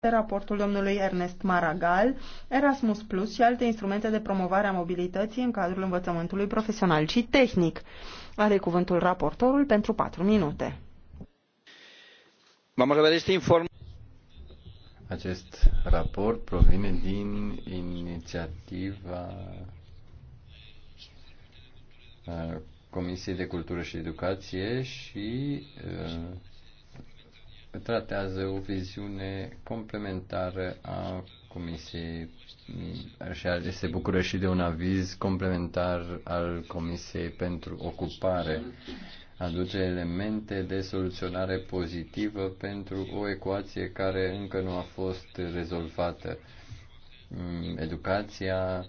de raportul domnului Ernest Maragal, Erasmus Plus și alte instrumente de promovare a mobilității în cadrul învățământului profesional și tehnic. Are cuvântul raportorul pentru 4 minute. Vom avea este informe. Acest raport provine din inițiativa uh, Comisiei de Cultură și Educație și uh, tratează o viziune complementară a Comisiei și se bucură și de un aviz complementar al Comisiei pentru Ocupare. Aduce elemente de soluționare pozitivă pentru o ecuație care încă nu a fost rezolvată. Educația,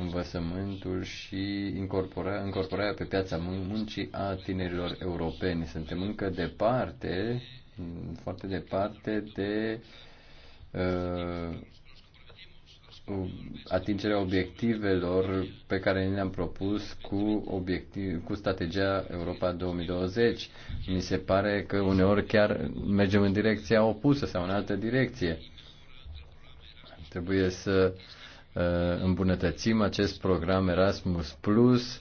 învățământul și incorporarea, incorporarea pe piața muncii a tinerilor europeni. Suntem încă departe, foarte departe de uh, atingerea obiectivelor pe care le-am propus cu, obiectiv, cu strategia Europa 2020. Mi se pare că uneori chiar mergem în direcția opusă sau în altă direcție. Trebuie să uh, Uh, îmbunătățim acest program Erasmus Plus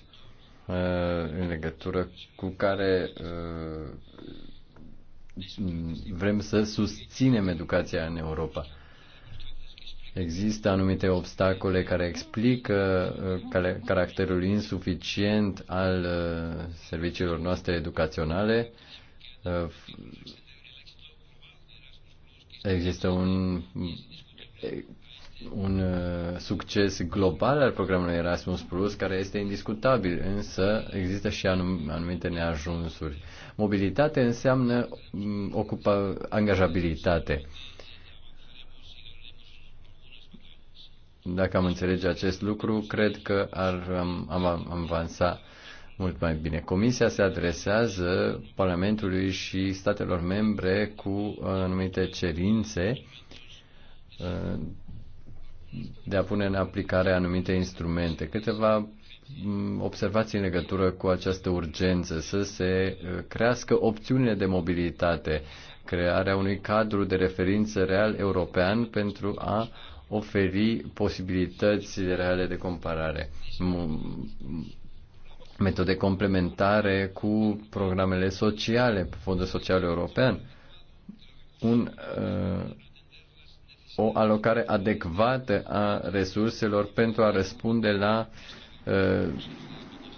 uh, în legătură cu care uh, vrem să susținem educația în Europa. Există anumite obstacole care explică caracterul insuficient al serviciilor noastre educaționale. Există un un uh, succes global al programului Erasmus Plus, care este indiscutabil, însă există și anum- anumite neajunsuri. Mobilitate înseamnă mm, ocupa angajabilitate. Dacă am înțelege acest lucru, cred că ar, am, am, am avansa mult mai bine. Comisia se adresează Parlamentului și statelor membre cu anumite cerințe uh, de a pune în aplicare anumite instrumente. Câteva mm, observații în legătură cu această urgență, să se uh, crească opțiunile de mobilitate, crearea unui cadru de referință real european pentru a oferi posibilități reale de comparare, metode complementare cu programele sociale, Fondul Social European, un uh, o alocare adecvată a resurselor pentru a răspunde la uh,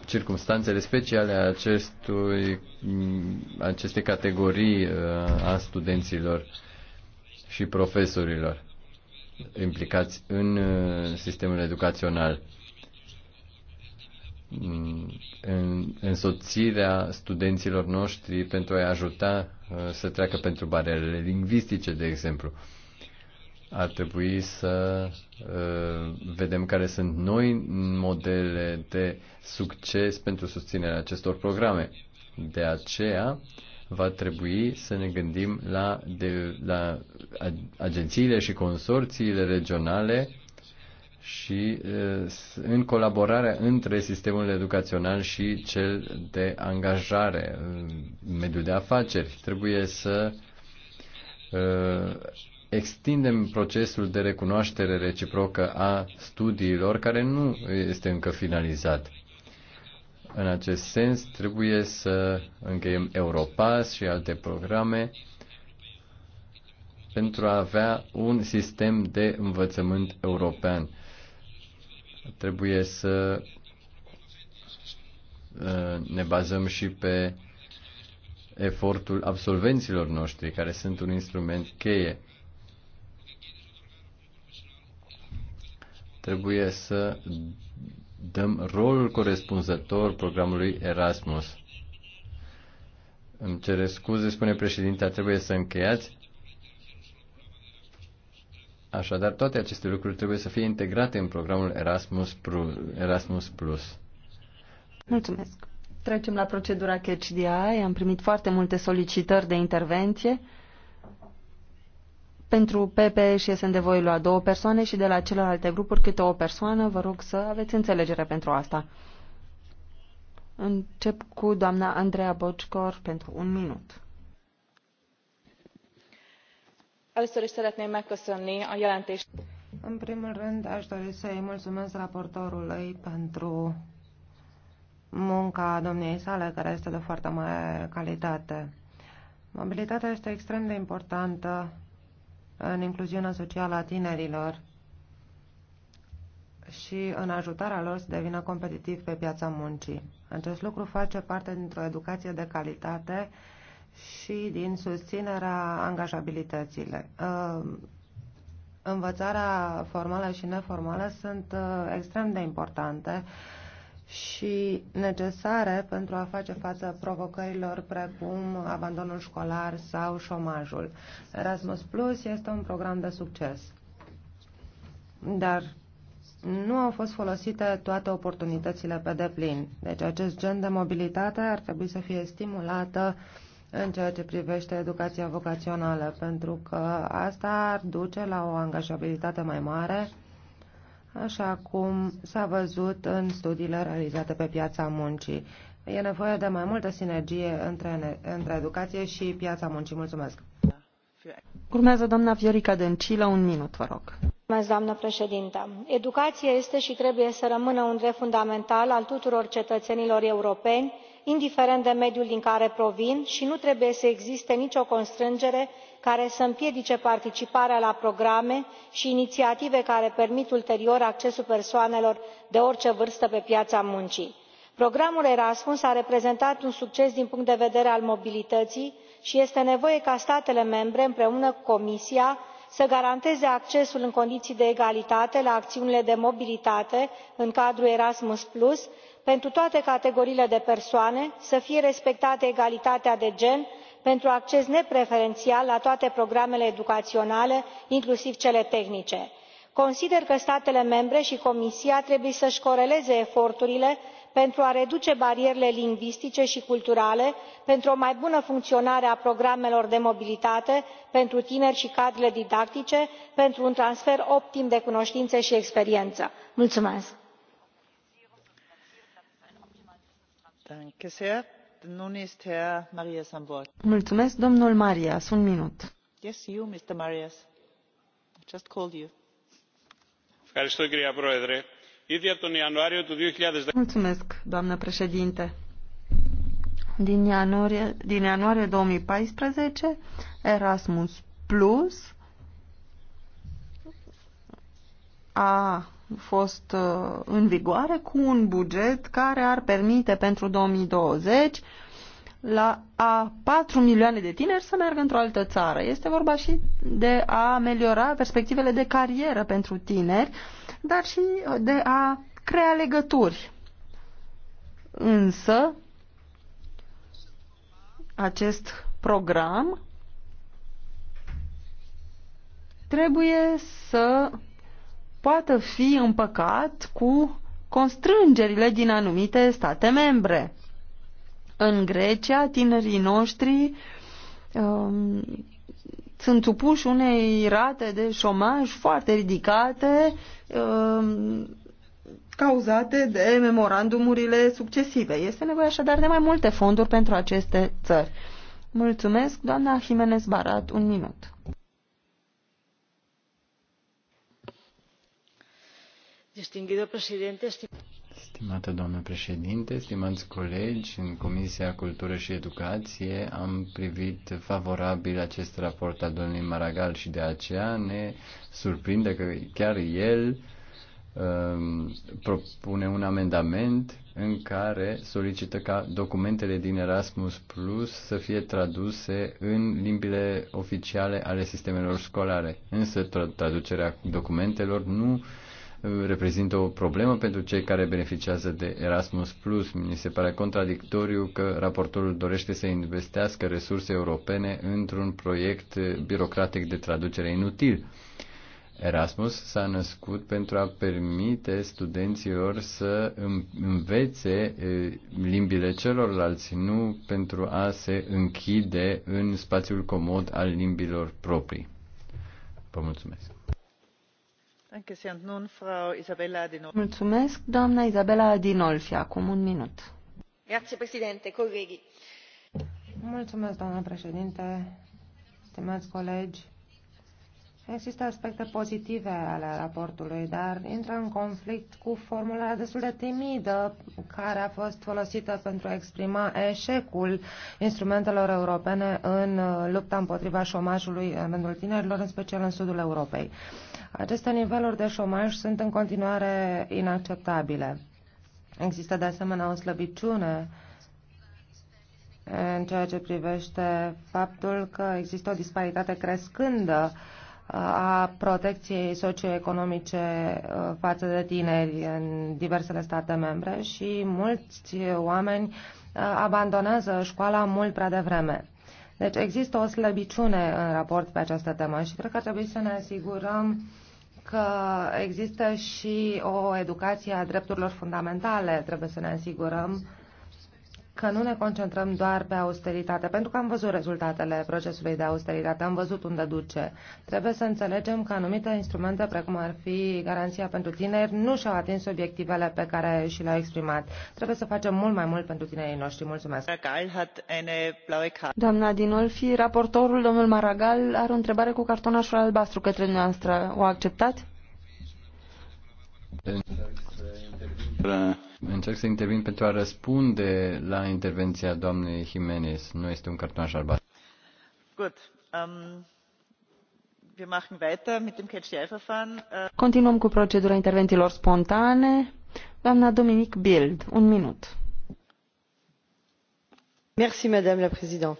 circumstanțele speciale a acestui, mm, acestei categorii uh, a studenților și profesorilor implicați în uh, sistemul educațional mm, în însoțirea studenților noștri pentru a-i ajuta să treacă pentru barierele lingvistice, de exemplu ar trebui să uh, vedem care sunt noi modele de succes pentru susținerea acestor programe. De aceea va trebui să ne gândim la, de, la agențiile și consorțiile regionale și uh, în colaborarea între sistemul educațional și cel de angajare, uh, mediul de afaceri. Trebuie să extindem procesul de recunoaștere reciprocă a studiilor care nu este încă finalizat. În acest sens, trebuie să încheiem Europass și alte programe pentru a avea un sistem de învățământ european. Trebuie să ă, ne bazăm și pe efortul absolvenților noștri, care sunt un instrument cheie Trebuie să dăm rolul corespunzător programului Erasmus. Îmi cere scuze, spune președintea, trebuie să încheiați. Așadar, toate aceste lucruri trebuie să fie integrate în programul Erasmus Plus. Erasmus Plus. Mulțumesc. Trecem la procedura catch the eye. Am primit foarte multe solicitări de intervenție. Pentru PP și SND voi lua două persoane și de la celelalte grupuri câte o persoană. Vă rog să aveți înțelegere pentru asta. Încep cu doamna Andreea Bocicor pentru un minut. Először is szeretném megköszönni a jelentést. În primul rând, aș dori să i mulțumesc raportorului pentru munca domniei sale, care este de foarte mare calitate. Mobilitatea este extrem de importantă în incluziunea socială a tinerilor și în ajutarea lor să devină competitiv pe piața muncii. Acest lucru face parte dintr-o educație de calitate și din susținerea angajabilităților. Învățarea formală și neformală sunt uh, extrem de importante și necesare pentru a face față provocărilor precum abandonul școlar sau șomajul. Erasmus Plus este un program de succes, dar nu au fost folosite toate oportunitățile pe deplin. Deci acest gen de mobilitate ar trebui să fie stimulată în ceea ce privește educația vocațională, pentru că asta ar duce la o angajabilitate mai mare așa cum s-a văzut în studiile realizate pe piața muncii. E nevoie de mai multă sinergie între, între educație și piața muncii. Mulțumesc! Urmează doamna Viorica Dencilă, un minut, vă rog. Mulțumesc, doamnă președintă. Educația este și trebuie să rămână un drept fundamental al tuturor cetățenilor europeni, indiferent de mediul din care provin și nu trebuie să existe nicio constrângere care să împiedice participarea la programe și inițiative care permit ulterior accesul persoanelor de orice vârstă pe piața muncii. programul erasmus a reprezentat un succes din punct de vedere al mobilității și este nevoie ca statele membre împreună cu comisia să garanteze accesul în condiții de egalitate la acțiunile de mobilitate în cadrul erasmus Plus pentru toate categoriile de persoane să fie respectată egalitatea de gen pentru acces nepreferențial la toate programele educaționale inclusiv cele tehnice. consider că statele membre și comisia trebuie să își coreleze eforturile pentru a reduce barierele lingvistice și culturale pentru o mai bună funcționare a programelor de mobilitate pentru tineri și cadrele didactice pentru un transfer optim de cunoștințe și experiență. mulțumesc. Mulțumesc, domnul Marias. Un minut. Yes, you, Mr. Marias. Just called you. Mulțumesc, doamnă președinte. Din ianuarie, din ianuarie 2014, Erasmus Plus a fost uh, în vigoare cu un buget care ar permite pentru 2020 la a 4 milioane de tineri să meargă într-o altă țară. Este vorba și de a ameliora perspectivele de carieră pentru tineri, dar și de a crea legături. Însă, acest program trebuie să poată fi împăcat cu constrângerile din anumite state membre. În Grecia, tinerii noștri um, sunt supuși unei rate de șomaj foarte ridicate um, cauzate de memorandumurile succesive. Este nevoie așadar de mai multe fonduri pentru aceste țări. Mulțumesc, doamna Jimenez Barat, un minut. Stimată doamnă președinte, stimați colegi, în Comisia Cultură și Educație am privit favorabil acest raport al domnului Maragal și de aceea ne surprinde că chiar el um, propune un amendament în care solicită ca documentele din Erasmus Plus să fie traduse în limbile oficiale ale sistemelor școlare. Însă traducerea documentelor nu reprezintă o problemă pentru cei care beneficiază de Erasmus+. Plus. Mi se pare contradictoriu că raportorul dorește să investească resurse europene într-un proiect birocratic de traducere inutil. Erasmus s-a născut pentru a permite studenților să învețe limbile celorlalți, nu pentru a se închide în spațiul comod al limbilor proprii. Vă mulțumesc! Mulțumesc, Isabela acum un minut. Mulțumesc, președinte, stimați colegi. Există aspecte pozitive ale raportului, dar intră în conflict cu formularea destul de timidă care a fost folosită pentru a exprima eșecul instrumentelor europene în lupta împotriva șomajului în rândul tinerilor, în special în sudul Europei. Aceste niveluri de șomaj sunt în continuare inacceptabile. Există de asemenea o slăbiciune în ceea ce privește faptul că există o disparitate crescândă uh, a protecției socioeconomice uh, față de tineri în diversele state membre și mulți oameni uh, abandonează școala mult prea devreme. Deci există o slăbiciune în raport pe această temă și cred că trebuie să ne asigurăm că există și o educație a drepturilor fundamentale. Trebuie să ne asigurăm că nu ne concentrăm doar pe austeritate, pentru că am văzut rezultatele procesului de austeritate, am văzut unde duce. Trebuie să înțelegem că anumite instrumente, precum ar fi garanția pentru tineri, nu și-au atins obiectivele pe care și le-au exprimat. Trebuie să facem mult mai mult pentru tinerii noștri. Mulțumesc! Doamna Dinolfi, raportorul, domnul Maragal, are o întrebare cu cartonașul albastru către dumneavoastră. O acceptați? Încerc să intervin pentru a răspunde la intervenția doamnei Jimenez. Nu este un cartonaș albastru. Gut. Um... Äh, Continuăm cu procedura intervențiilor spontane. Doamna Dominic Bild, un minut. Merci, Madame la Présidente.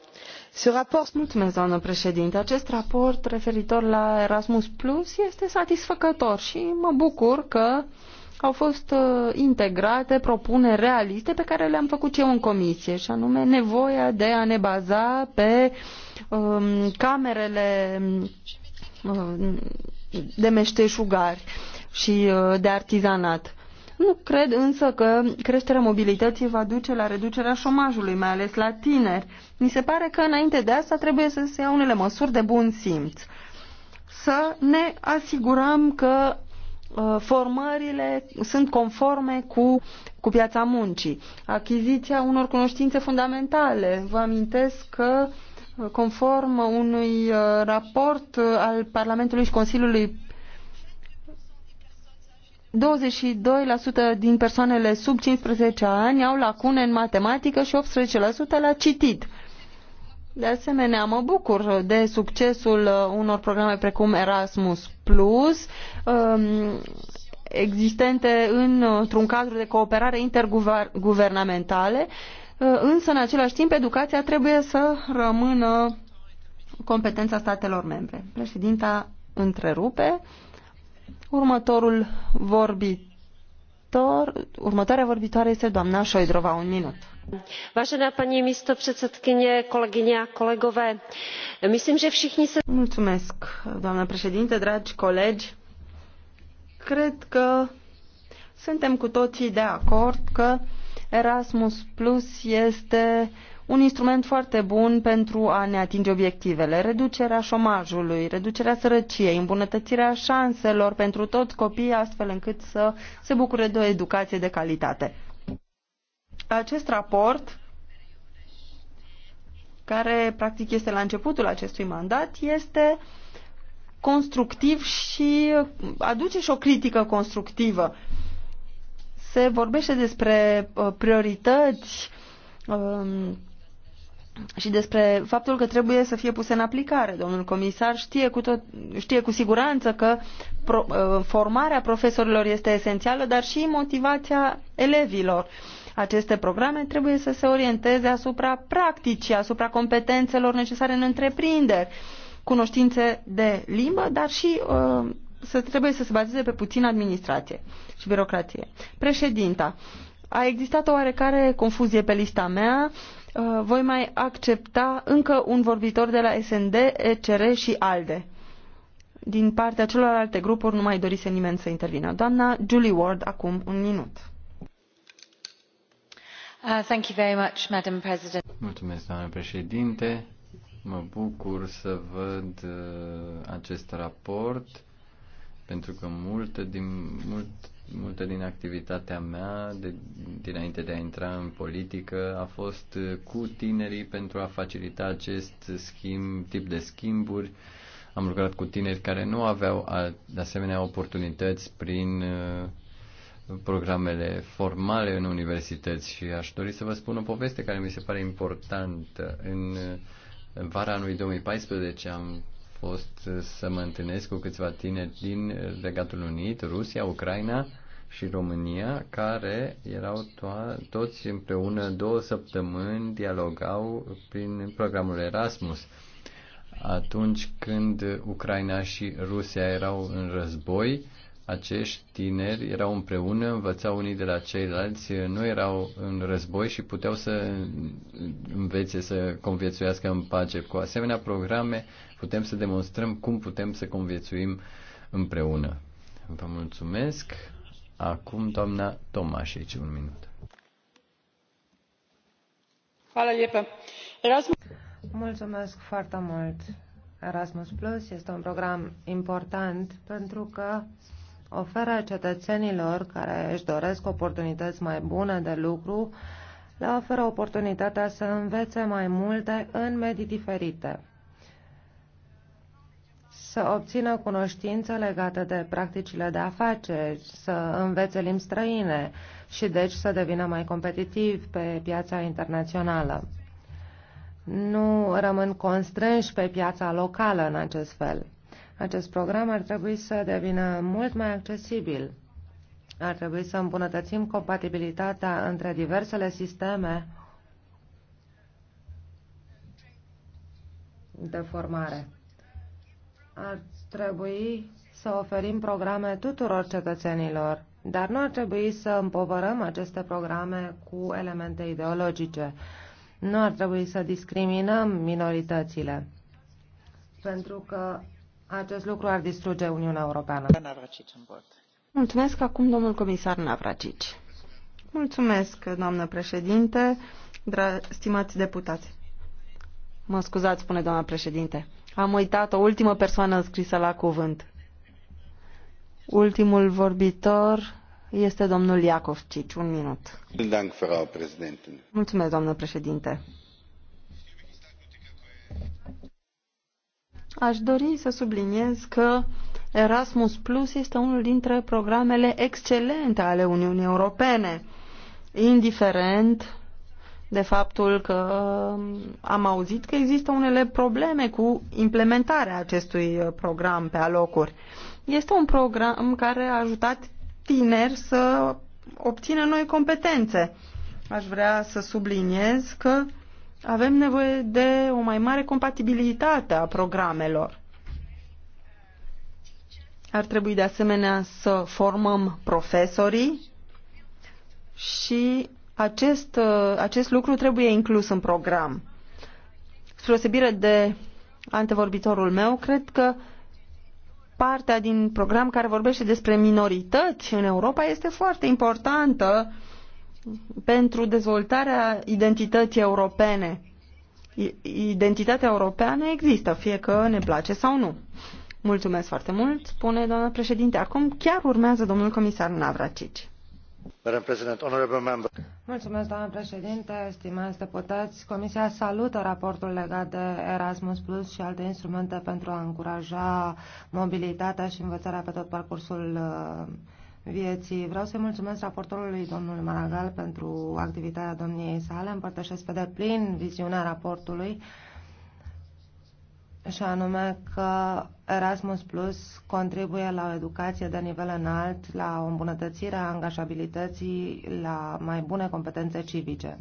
Ce Mulțumesc, doamnă președinte. Acest raport referitor la Erasmus Plus este satisfăcător și mă bucur că uh, au fost uh, integrate propuneri realiste pe care le-am făcut eu în comisie, și anume nevoia de a ne baza pe um, camerele um, de meșteșugari și uh, de artizanat. Nu cred însă că creșterea mobilității va duce la reducerea șomajului, mai ales la tineri. Mi se pare că înainte de asta trebuie să se iau unele măsuri de bun simț. Să ne asigurăm că Uh, formările sunt conforme cu, cu piața muncii. Achiziția unor cunoștințe fundamentale. Vă amintesc că uh, conform unui uh, raport al Parlamentului și Consiliului 22% din persoanele sub 15 ani au lacune în matematică și 18% la citit. De asemenea, mă bucur de succesul uh, unor programe precum Erasmus Plus, um, existente într-un cadru de cooperare interguvernamentale, uh, însă în același timp educația trebuie să rămână competența statelor membre. Președinta întrerupe. Următorul vorbitor, următoarea vorbitoare este doamna Șoidrova, un minut. Vážená paní místo předsedkyně, kolegyně a kolegové, myslím, že všichni se... doamnă președinte, dragi colegi. Cred că suntem cu toții de acord că Erasmus Plus este un instrument foarte bun pentru a ne atinge obiectivele, reducerea șomajului, reducerea sărăciei, îmbunătățirea șanselor pentru toți copiii, astfel încât să se bucure de o educație de calitate. Acest raport, care practic este la începutul acestui mandat, este constructiv și aduce și o critică constructivă. Se vorbește despre uh, priorități um, și despre faptul că trebuie să fie puse în aplicare. Domnul comisar știe cu, tot, știe cu siguranță că pro, uh, formarea profesorilor este esențială, dar și motivația elevilor. Uh, aceste programe trebuie să se orienteze asupra practicii, asupra competențelor necesare în întreprinderi, cunoștințe de limbă, dar și uh, să trebuie să se bazeze pe puțină administrație și birocrație. Președinta, a existat o oarecare confuzie pe lista mea. Uh, voi mai accepta încă un vorbitor de la SND, ECR și ALDE. Din partea celorlalte grupuri nu mai dorise nimeni să intervină. Doamna Julie Ward, acum un minut. Uh, Mulțumesc, doamnă președinte. Mă bucur să văd uh, acest raport pentru că multe din, mult, multe din activitatea mea de, dinainte de a intra în politică a fost uh, cu tinerii pentru a facilita acest schimb, tip de schimburi. Am lucrat cu tineri care nu aveau de asemenea oportunități prin programele formale în universități și aș dori să vă spun o poveste care mi se pare importantă. În vara anului 2014 am fost să mă întâlnesc cu câțiva tineri din Regatul Unit, Rusia, Ucraina și România, care erau to- toți împreună două săptămâni, dialogau prin programul Erasmus. Atunci când Ucraina și Rusia erau în război, uh, acești tineri erau împreună, învățau unii de la ceilalți, nu erau în război și puteau să învețe să conviețuiască în pace. Cu asemenea programe putem să demonstrăm cum putem să conviețuim împreună. Vă mulțumesc. Acum doamna aici un minut. Mulțumesc foarte mult. Erasmus Plus este un program important pentru că oferă cetățenilor care își doresc oportunități mai bune de lucru, le oferă oportunitatea să învețe mai multe în medii diferite, să obțină cunoștințe legate de practicile de afaceri, să învețe limbi străine și deci să devină mai competitiv pe piața internațională. Nu rămân constrânși pe piața locală în acest fel. Acest program ar trebui să devină mult mai accesibil. Ar trebui să îmbunătățim compatibilitatea între diversele sisteme de formare. Ar trebui să oferim programe tuturor cetățenilor, dar nu ar trebui să împovărăm aceste programe cu elemente ideologice. Nu ar trebui să discriminăm minoritățile, pentru că acest lucru ar distruge Uniunea Europeană. Mulțumesc acum domnul comisar Navracici. Mulțumesc, doamnă președinte, dra- stimați deputați. Mă scuzați, spune doamna președinte. Am uitat o ultimă persoană scrisă la cuvânt. Ultimul vorbitor este domnul Iacov Cici. Un minut. Mulțumesc, doamnă președinte. Aș dori să subliniez că Erasmus Plus este unul dintre programele excelente ale Uniunii Europene, indiferent de faptul că um, am auzit că există unele probleme cu implementarea acestui uh, program pe alocuri. Este un program care a ajutat tineri să obțină noi competențe. Aș vrea să subliniez că avem nevoie de o mai mare compatibilitate a programelor. Ar trebui de asemenea să formăm profesorii și acest, uh, acest lucru trebuie inclus în program. Spre de antevorbitorul meu, cred că partea din program care vorbește despre minorități în Europa este foarte importantă uh, pentru dezvoltarea identității europene. Identitatea europeană există, fie că ne place sau nu. Mulțumesc foarte mult, spune doamna președinte. Acum chiar urmează domnul comisar Navracici. Mulțumesc, doamnă președinte, stimați deputați. Comisia salută raportul legat de Erasmus Plus și alte instrumente pentru a încuraja mobilitatea și învățarea pe tot parcursul uh, vieții. Vreau să-i mulțumesc raportorului domnului Maragal pentru activitatea domniei sale. Împărtășesc pe deplin viziunea raportului și anume că Erasmus Plus contribuie la o educație de nivel înalt, la o îmbunătățire a angajabilității, la mai bune competențe civice.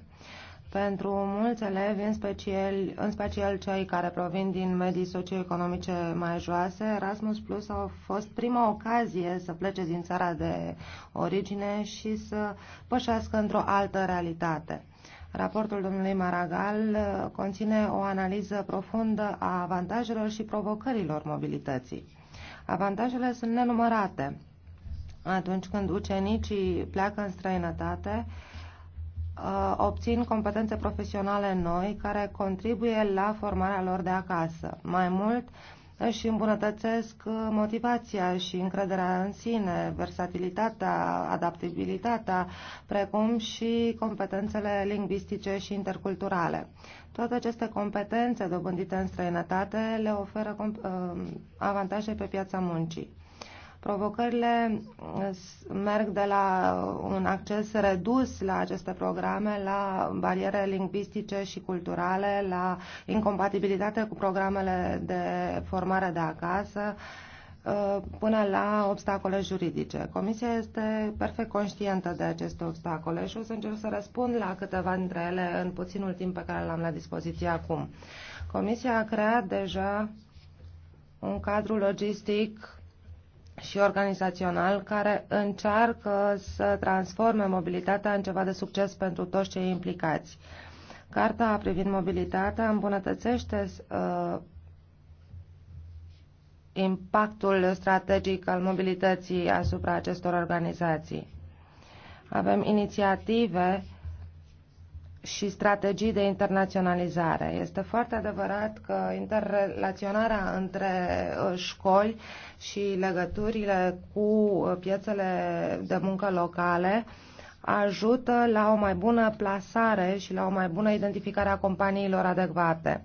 Pentru mulți elevi, în special, în special cei care provin din medii socioeconomice mai joase, Erasmus Plus a fost prima ocazie să plece din țara de origine și să pășească într-o altă realitate. Raportul domnului Maragal conține o analiză profundă a avantajelor și provocărilor mobilității. Avantajele sunt nenumărate. Atunci când ucenicii pleacă în străinătate, uh, Uh, obțin competențe profesionale noi care contribuie la formarea lor de acasă. Mai mult, își îmbunătățesc uh, motivația și încrederea în sine, versatilitatea, adaptabilitatea, precum și competențele lingvistice și interculturale. Toate aceste competențe dobândite în străinătate le oferă uh, avantaje pe piața muncii. Provocările mm, merg de la un acces redus la aceste programe, la bariere lingvistice și culturale, la incompatibilitate cu programele de formare de acasă, uh, până la obstacole juridice. Comisia este perfect conștientă de aceste obstacole și o să încerc să răspund la câteva dintre ele în puținul timp pe care l-am la dispoziție acum. Comisia a creat deja un cadru logistic și organizațional care încearcă să transforme mobilitatea în ceva de succes pentru toți cei implicați. Carta privind mobilitatea îmbunătățește uh, impactul strategic al mobilității asupra acestor organizații. Avem inițiative și strategii de internaționalizare. Este foarte adevărat că interrelaționarea între uh, școli și legăturile cu uh, piețele de muncă locale ajută la o mai bună plasare și la o mai bună identificare a companiilor adecvate.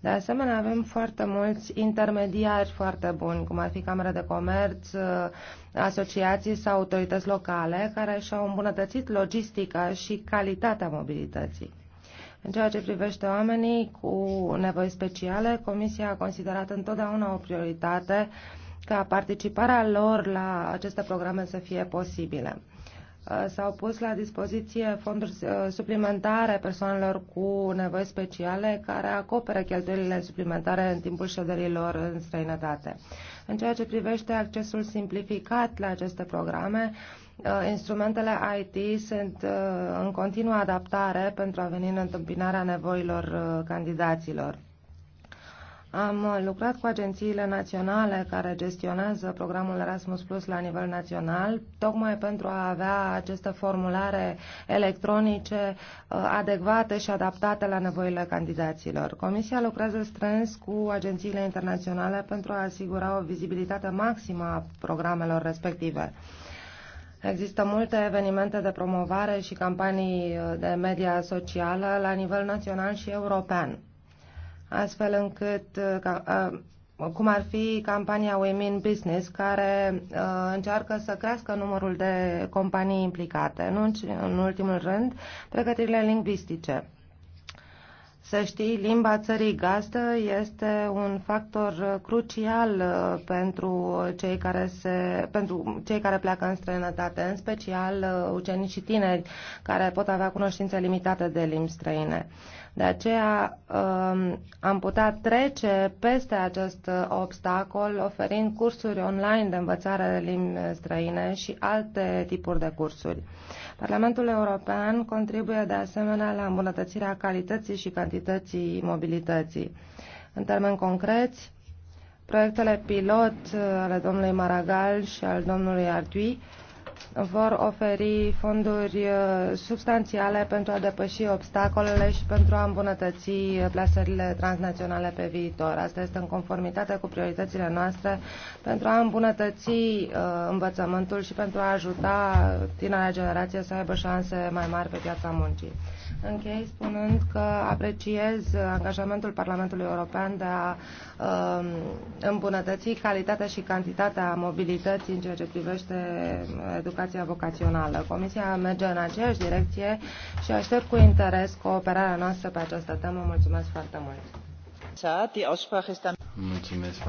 De asemenea, avem foarte mulți intermediari foarte buni, cum ar fi Camera de Comerț, asociații sau autorități locale, care și-au îmbunătățit logistica și calitatea mobilității. În ceea ce privește oamenii cu nevoi speciale, Comisia a considerat întotdeauna o prioritate ca participarea lor la aceste programe să fie posibile. Uh, s-au pus la dispoziție fonduri uh, suplimentare persoanelor cu nevoi speciale care acoperă cheltuielile suplimentare în timpul șederilor în străinătate. În ceea ce privește accesul simplificat la aceste programe, uh, instrumentele IT sunt în continuă adaptare pentru a veni în întâmpinarea nevoilor candidaților. Am lucrat cu agențiile naționale care gestionează programul Erasmus Plus la nivel național, tocmai pentru a avea aceste formulare electronice uh, adecvate și adaptate la nevoile candidaților. Comisia lucrează strâns cu agențiile internaționale pentru a asigura o vizibilitate maximă a programelor respective. Există multe evenimente de promovare și campanii uh, de media socială la nivel național și european astfel încât uh, uh, cum ar fi campania Women Business, care uh, încearcă să crească numărul de companii implicate. Nu în, în ultimul rând, pregătirile lingvistice. Să știi, limba țării gazdă este un factor uh, crucial uh, pentru cei care, se, pentru cei care pleacă în străinătate, în special uh, ucenici și tineri care pot avea cunoștințe limitate de limbi străine. De aceea um, am putea trece peste acest obstacol oferind cursuri online de învățare de limbi străine și alte tipuri de cursuri. Parlamentul European contribuie de asemenea la îmbunătățirea calității și cantității mobilității. În termeni concreți, proiectele pilot ale domnului Maragall și al domnului Artui vor oferi fonduri uh, substanțiale pentru a depăși obstacolele și pentru a îmbunătăți plasările transnaționale pe viitor. Asta este în conformitate cu prioritățile noastre pentru a îmbunătăți uh, învățământul și pentru a ajuta tinerea generație să aibă șanse mai mari pe piața muncii. Închei spunând că apreciez angajamentul Parlamentului European de a um, îmbunătăți calitatea și cantitatea mobilității în ceea ce privește uh, educația educația vocațională. Comisia merge în aceeași direcție și aștept cu interes cooperarea noastră pe această temă. Mulțumesc foarte mult! Mulțumesc